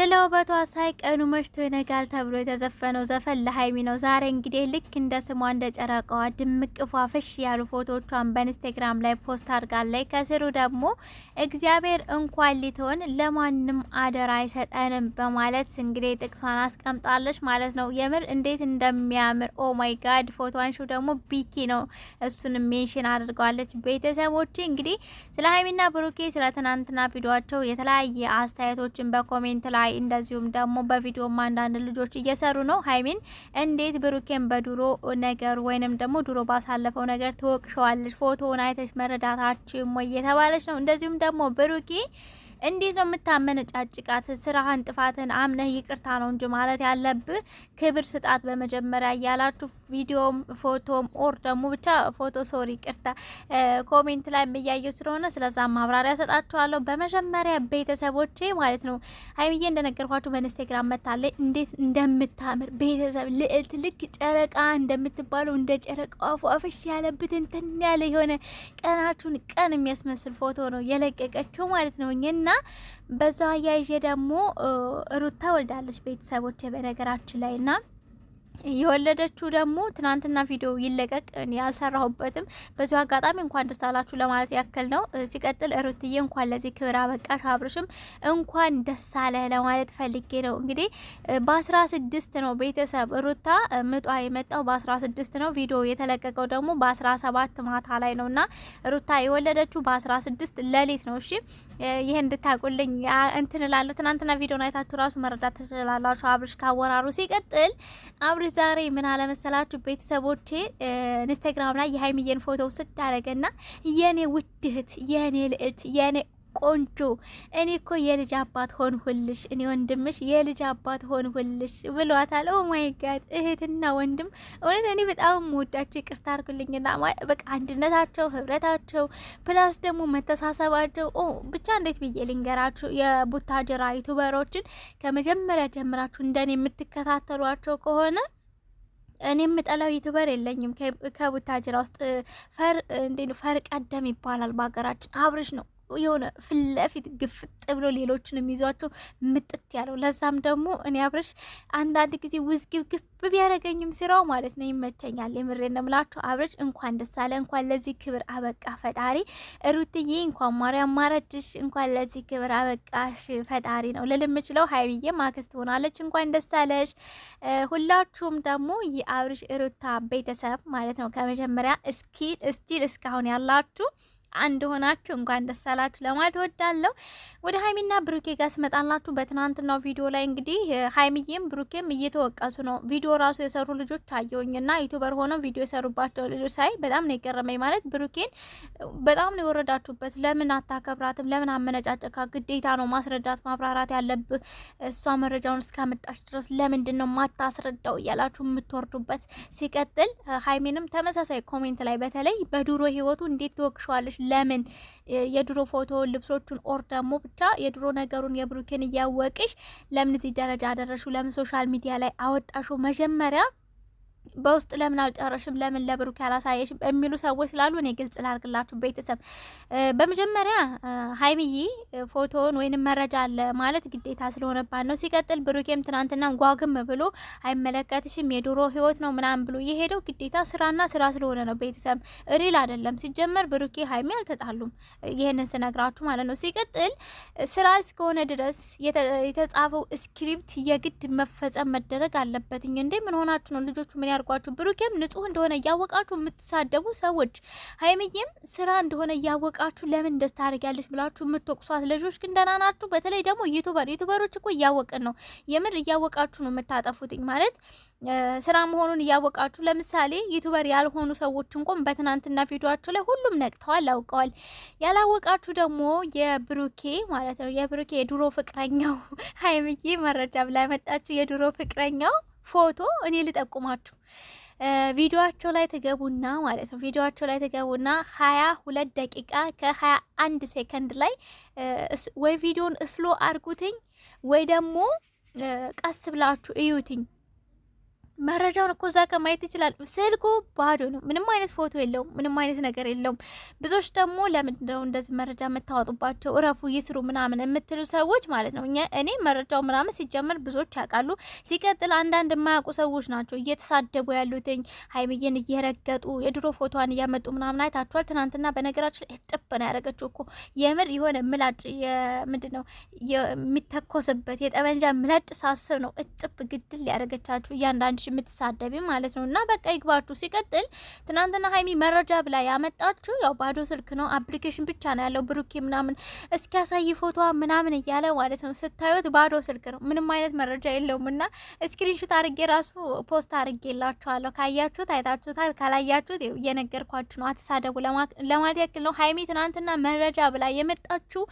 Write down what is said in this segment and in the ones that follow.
ስለ ውበቷ ሳይቀኑ መሽቶ ይነጋል ተብሎ የተዘፈነው ዘፈን ለሀይሚ ነው። ዛሬ እንግዲህ ልክ እንደ ስሟ እንደ ጨረቃዋ ድምቅ ፏፍሽ ያሉ ፎቶቿን በኢንስታግራም ላይ ፖስት አድርጋለች። ከስሩ ደግሞ እግዚአብሔር እንኳን ሊትሆን ለማንም አደራ አይሰጠንም በማለት እንግዲህ ጥቅሷን አስቀምጣለች ማለት ነው። የምር እንዴት እንደሚያምር ኦ ማይ ጋድ! አንሹ ደግሞ ቢኪ ነው። እሱን ሜንሽን አድርገዋለች። ቤተሰቦች እንግዲህ ስለ ሀይሚና ብሩኬ ስለ ትናንትና ቪዲዮቸው የተለያየ አስተያየቶችን በኮሜንት ላይ ላይ እንደዚሁም ደግሞ በቪዲዮም አንዳንድ ልጆች እየሰሩ ነው። ሀይሚን እንዴት ብሩኬን በድሮ ነገር ወይንም ደግሞ ድሮ ባሳለፈው ነገር ትወቅሸዋለች ፎቶውን አይተች መረዳታችን ወይ እየተባለች ነው። እንደዚሁም ደግሞ ብሩኬ እንዴት ነው የምታመነጫጭቃት? ስራህን፣ ጥፋትን አምነህ ይቅርታ ነው እንጂ ማለት ያለብህ ክብር ስጣት በመጀመሪያ እያላችሁ ቪዲዮም ፎቶም ኦር ደግሞ ብቻ ፎቶ ሶሪ፣ ቅርታ ኮሜንት ላይ የምያየው ስለሆነ ስለዛ ማብራሪያ ሰጣችኋለሁ። በመጀመሪያ ቤተሰቦቼ ማለት ነው ሀይሚዬ እንደነገርኳችሁ በኢንስታግራም መታለች። እንዴት እንደምታምር ቤተሰብ ልዕልት፣ ልክ ጨረቃ እንደምትባለው እንደ ጨረቃ ፏፍሽ ያለበት እንትን ያለ የሆነ ቀናችሁን ቀን የሚያስመስል ፎቶ ነው የለቀቀችው ማለት ነው። እና በዛው አያይዤ ደግሞ ሩታ ወልዳለች ቤተሰቦች በነገራችን ላይ ና የወለደችው ደግሞ ትናንትና ቪዲዮ ይለቀቅ ያልሰራሁበትም በዚሁ አጋጣሚ እንኳን ደስ አላችሁ ለማለት ያክል ነው። ሲቀጥል ሩትዬ እንኳን ለዚህ ክብር አበቃሽ፣ አብርሽም እንኳን ደስ አለ ለማለት ፈልጌ ነው። እንግዲህ በአስራ ስድስት ነው ቤተሰብ ሩታ ምጧ የመጣው በአስራ ስድስት ነው። ቪዲዮ የተለቀቀው ደግሞ በአስራ ሰባት ማታ ላይ ነው እና ሩታ የወለደችው በአስራ ስድስት ሌሊት ነው። እሺ ይህ እንድታቁልኝ እንትንላለሁ። ትናንትና ቪዲዮን አይታችሁ ራሱ መረዳት ትችላላችሁ አብርሽ ካወራሩ ሲቀጥል አብር እንግዲህ ዛሬ ምን አለመሰላችሁ ቤተሰቦቼ ኢንስታግራም ላይ የሀይሚዬን ፎቶ ስታረገና የኔ ውድህት የኔ ልዕልት፣ የኔ ቆንጆ እኔ እኮ የልጅ አባት ሆን እኔ ወንድምሽ የልጅ አባት ሆን ሁልሽ ብሏታል። ኦ ማይ ጋድ እህትና ወንድም እውነት እኔ በጣም ወዳቸው። ይቅርታ አርጉልኝና በቃ አንድነታቸው፣ ህብረታቸው ፕላስ ደግሞ መተሳሰባቸው ኦ ብቻ እንዴት ብዬ ልንገራችሁ። የቡታጀራ ዩቱበሮችን ከመጀመሪያ ጀምራችሁ እንደኔ የምትከታተሏቸው ከሆነ እኔ የምጠላው ዩቱበር የለኝም። ከቡታጅራ ውስጥ ፈር እንዴ ፈር ቀደም ይባላል በሀገራችን አብርሽ ነው። የሆነ ፍለፊት ግፍጥ ብሎ ሌሎችን የሚይዟቸው ምጥት ያለው። ለዛም ደግሞ እኔ አብረሽ አንዳንድ ጊዜ ውዝግብግብ ቢያደርገኝም ስራው ማለት ነው ይመቸኛል። የምሬ ነው አብረሽ እንኳን ደስ አለ፣ እንኳን ለዚህ ክብር አበቃ ፈጣሪ። ሩትዬ እንኳን ማርያም ማረችሽ፣ እንኳን ለዚህ ክብር አበቃሽ ፈጣሪ ነው ልል የምችለው። ሀይሚዬ ማክስት ሆናለች፣ እንኳን ደስ አለሽ። ሁላችሁም ደግሞ የአብረሽ ሩታ ቤተሰብ ማለት ነው ከመጀመሪያ እስኪ እስቲል እስካሁን ያላችሁ አንድ ሆናችሁ እንኳን ደስ አላችሁ ለማለት ወዳለሁ። ወደ ሀይሚና ብሩኬ ጋር ስመጣላችሁ በትናንትናው ቪዲዮ ላይ እንግዲህ ሀይሚዬም ብሩኬም እየተወቀሱ ነው። ቪዲዮ ራሱ የሰሩ ልጆች ና ዩቱበር ሆነው ቪዲዮ የሰሩባቸው ልጆች ሳይ በጣም ነው የገረመኝ። ማለት ብሩኬን በጣም ነው የወረዳችሁበት። ለምን አታከብራትም? ለምን አመነጫጨካ? ግዴታ ነው ማስረዳት ማብራራት ያለብህ። እሷ መረጃውን እስካመጣች ድረስ ለምንድን ነው ማታስረዳው እያላችሁ የምትወርዱበት። ሲቀጥል ሀይሜንም ተመሳሳይ ኮሜንት ላይ በተለይ በዱሮ ህይወቱ እንዴት ትወቅሸዋለች ለምን የድሮ ፎቶ ልብሶቹን ኦር ደግሞ ብቻ የድሮ ነገሩን የብሩኬን እያወቅሽ ለምን እዚህ ደረጃ አደረሹ? ለምን ሶሻል ሚዲያ ላይ አወጣሹ? መጀመሪያ በውስጥ ለምን አልጨረሽም? ለምን ለብሩክ ያላሳየሽም? የሚሉ ሰዎች ስላሉ እኔ ግልጽ ላርግላችሁ ቤተሰብ። በመጀመሪያ ሀይሚዬ ፎቶውን ወይንም መረጃ አለ ማለት ግዴታ ስለሆነባት ነው። ሲቀጥል ብሩኬም ትናንትና ጓግም ብሎ አይመለከትሽም፣ የድሮ ህይወት ነው ምናምን ብሎ የሄደው ግዴታ ስራና ስራ ስለሆነ ነው ቤተሰብ፣ ሪል አይደለም። ሲጀመር ብሩኬ ሀይሚ አልተጣሉም፣ ይህንን ስነግራችሁ ማለት ነው። ሲቀጥል ስራ እስከሆነ ድረስ የተጻፈው ስክሪፕት የግድ መፈጸም መደረግ አለበትኝ። እንዴ ምን ሆናችሁ ነው ልጆቹ ምን አድርጓችሁ ብሩኬም ንጹህ እንደሆነ እያወቃችሁ የምትሳደቡ ሰዎች፣ ሀይምዬም ስራ እንደሆነ እያወቃችሁ ለምን እንደዚህ ታደርጊያለሽ ብላችሁ የምትወቅሷት ልጆች ግን ደህና ናችሁ። በተለይ ደግሞ ዩቱበር ዩቱበሮች እኮ እያወቅን ነው፣ የምር እያወቃችሁ ነው የምታጠፉትኝ ማለት ስራ መሆኑን እያወቃችሁ። ለምሳሌ ዩቱበር ያልሆኑ ሰዎች እንኳን በትናንትና ቪዲዮቸው ላይ ሁሉም ነቅተዋል፣ አውቀዋል። ያላወቃችሁ ደግሞ የብሩኬ ማለት ነው የብሩኬ የድሮ ፍቅረኛው ሀይምዬ መረጃ ብላ መጣችሁ የድሮ ፍቅረኛው ፎቶ እኔ ልጠቁማችሁ ቪዲዮቸው ላይ ትገቡና ማለት ነው። ቪዲዮቸው ላይ ትገቡና ሀያ ሁለት ደቂቃ ከሀያ አንድ ሴከንድ ላይ ወይ ቪዲዮን እስሎ አርጉትኝ ወይ ደግሞ ቀስ ብላችሁ እዩትኝ። መረጃውን እኮ እዛ ጋር ማየት ይችላል። ስልኩ ባዶ ነው። ምንም አይነት ፎቶ የለውም። ምንም አይነት ነገር የለውም። ብዙዎች ደግሞ ለምንድነው እንደዚህ መረጃ የምታወጡባቸው እረፉ፣ ይስሩ ምናምን የምትሉ ሰዎች ማለት ነው። እኔ መረጃው ምናምን ሲጀምር ብዙዎች ያውቃሉ። ሲቀጥል አንዳንድ የማያውቁ ሰዎች ናቸው እየተሳደቡ ያሉትኝ ሀይምዬን እየረገጡ የድሮ ፎቶዋን እያመጡ ምናምን አይታችኋል። ትናንትና በነገራችን ላይ ነው ያደረገችው እኮ የምር የሆነ ምላጭ ምንድን ነው የሚተኮስበት የጠመንጃ ምላጭ ሳስብ ነው እጥብ ግድል ያደረገቻችሁ እያንዳንድ የምትሳደቢ ማለት ነው። እና በቃ ይግባችሁ። ሲቀጥል ትናንትና ሀይሚ መረጃ ብላ ያመጣችሁ ያው ባዶ ስልክ ነው፣ አፕሊኬሽን ብቻ ነው ያለው። ብሩኬ ምናምን እስኪያሳይ ፎቶዋ ምናምን እያለ ማለት ነው። ስታዩት ባዶ ስልክ ነው፣ ምንም አይነት መረጃ የለውም። እና ስክሪንሾት አርጌ ራሱ ፖስት አርጌ ላችኋለሁ። ካያችሁት አይታችሁታል፣ ካላያችሁት እየነገርኳችሁ ነው። አትሳደቡ ለማለት ያክል ነው። ሀይሚ ትናንትና መረጃ ብላ የመጣችሁ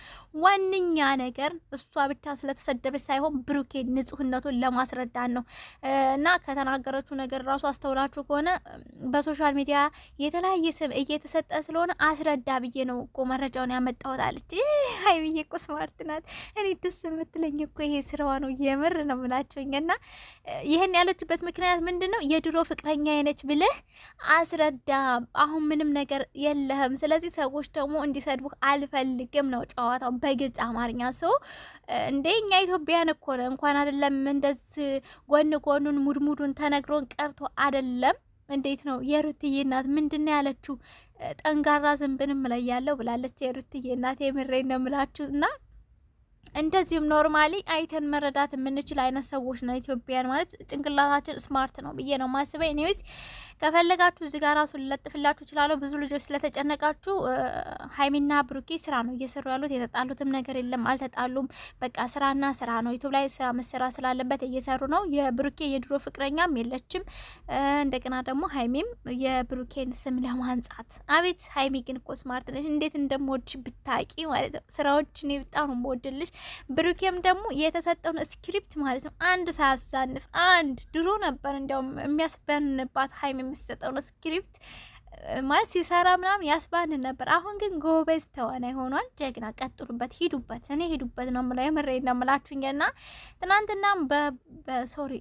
ዋነኛ ነገር እሷ ብቻ ስለተሰደበች ሳይሆን ብሩኬ ንጹህነቱን ለማስረዳት ነው እና የተናገረችው ነገር ራሱ አስተውላችሁ ከሆነ በሶሻል ሚዲያ የተለያየ ስም እየተሰጠ ስለሆነ አስረዳ ብዬ ነው እኮ መረጃውን ያመጣሁት አለች። ሀይ ብዬ እኮ ስማርት ናት። እኔ ደስ የምትለኝ እኮ ይሄ ስራዋ ነው። የምር ነው ምላቸውኝ እና ይህን ያለችበት ምክንያት ምንድን ነው? የድሮ ፍቅረኛ አይነች ብልህ አስረዳ። አሁን ምንም ነገር የለህም። ስለዚህ ሰዎች ደግሞ እንዲሰድቡህ አልፈልግም ነው ጨዋታው በግልጽ አማርኛ ሰው እንዴ እኛ ኢትዮጵያን እኮ ነው እንኳን አይደለም እንደዚህ ጎን ጎኑን ሙድሙዱን ተነግሮን ቀርቶ አይደለም። እንዴት ነው የሩትዬ እናት ምንድን ያለችው? ጠንጋራ ዝንብንም እለያለሁ ብላለች የሩትዬ እናት። የምሬን ነው የምላችሁ እና እንደዚሁም ኖርማሊ አይተን መረዳት የምንችል አይነት ሰዎች ነው ኢትዮጵያን ማለት ጭንቅላታችን ስማርት ነው ብዬ ነው ማስበ ኒውስ ከፈለጋችሁ እዚህ ጋር ራሱ ልለጥፍላችሁ እችላለሁ። ብዙ ልጆች ስለተጨነቃችሁ ሀይሚና ብሩኬ ስራ ነው እየሰሩ ያሉት። የተጣሉትም ነገር የለም፣ አልተጣሉም። በቃ ስራና ስራ ነው። ዩቱብ ላይ ስራ መሰራ ስላለበት እየሰሩ ነው። የብሩኬ የድሮ ፍቅረኛም የለችም። እንደገና ደግሞ ሀይሚም የብሩኬን ስም ለማንጻት አቤት! ሀይሚ ግን እኮ ስማርት ነች። እንዴት እንደምወድሽ ብታቂ ማለት ነው። ስራዎች እኔ በጣም ነው የምወድልሽ። ብሩኬም ደግሞ የተሰጠውን ስክሪፕት ማለት ነው አንድ ሳያሳንፍ አንድ ድሮ ነበር እንዲያውም የሚያስበንባት ሀይሚ የምትሰጠውን ስክሪፕት ማለት ሲሰራ ምናምን ያስባንን ነበር። አሁን ግን ጎበዝ ተዋናይ ሆኗል። ጀግና፣ ቀጥሉበት፣ ሂዱበት። እኔ ሄዱበት ነው የምለው፣ የምሬን ነው ና ትናንትናም በሶሪ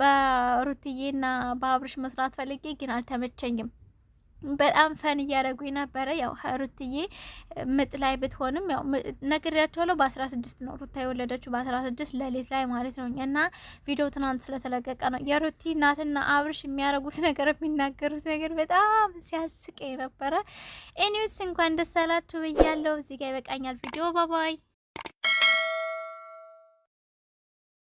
በሩትዬና በአብርሽ መስራት ፈልጌ ግን አልተመቸኝም። በጣም ፈን እያደረጉ ነበረ። ያው ሩትዬ ምጥ ላይ ብትሆንም ያው ነግሬያቸዋለሁ። በአስራ ስድስት ነው ሩታ የወለደችው በአስራ ስድስት ሌሊት ላይ ማለት ነው። እና ቪዲዮ ትናንት ስለተለቀቀ ነው የሩቲ እናትና አብርሽ የሚያደርጉት ነገር የሚናገሩት ነገር በጣም ሲያስቀኝ ነበረ። ኤኒዌይስ እንኳን ደስ አላችሁ ብያለሁ። እዚህ ይበቃኛል። ቪዲዮ ባባይ